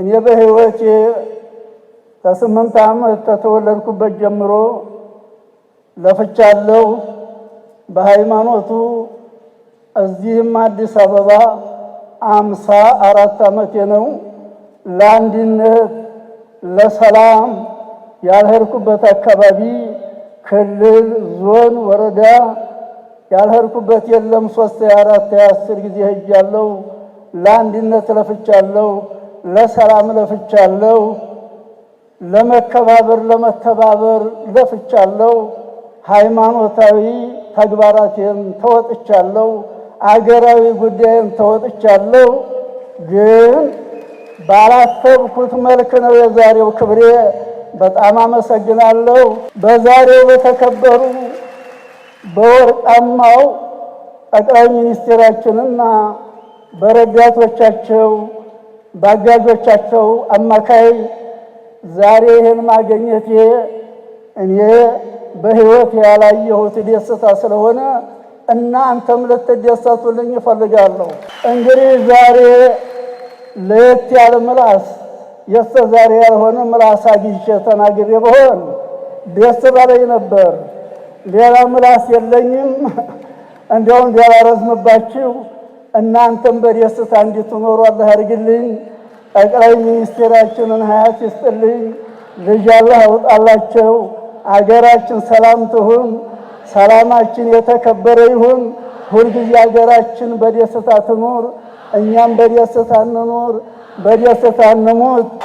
እኔ በህይወቴ ከስምንት ዓመት ከተወለድኩበት ጀምሮ ለፍቻለሁ። በሃይማኖቱ እዚህም አዲስ አበባ አምሳ አራት ዓመቴ ነው። ለአንድነት ለሰላም ያልሄድኩበት አካባቢ ክልል፣ ዞን፣ ወረዳ ያልሄድኩበት የለም። ሶስት አራት የአስር ጊዜ ሄጃለሁ። ለአንድነት ለፍቻለሁ። ለሰላም ለፍቻለሁ፣ ለመከባበር ለመተባበር ለፍቻለሁ፣ ሃይማኖታዊ ተግባራቴን ተወጥቻለሁ፣ አገራዊ ጉዳይን ተወጥቻለሁ። ግን ባላሰብኩት መልክ ነው የዛሬው ክብሬ። በጣም አመሰግናለሁ። በዛሬው በተከበሩ በወርቃማው ጠቅላይ ሚኒስቴራችንና በረዳቶቻቸው በአጋዦቻቸው አማካይ ዛሬ ይህን ማገኘት እኔ በህይወት ያላየሁት ደስታ ስለሆነ እናንተም ልትደሰቱልኝ እፈልጋለሁ። እንግዲህ ዛሬ ለየት ያለ ምላስ የስተ ዛሬ ያልሆነ ምላስ አግኝቼ ተናግሬ በሆን ደስ ባለኝ ነበር። ሌላ ምላስ የለኝም። እንዲያውም ቢያላረዝምባችሁ እናንተም በደስታ እንድትኖሩ አላህ ያድርግልኝ። ጠቅላይ ሚኒስቴራችንን ሀያት ይስጥልኝ። ልጅ አላህ አውጣላቸው። አገራችን ሰላም ትሁን። ሰላማችን የተከበረ ይሁን። ሁልጊዜ አገራችን በደስታ ትኑር። እኛም በደስታ እንኖር፣ በደስታ እንሞት።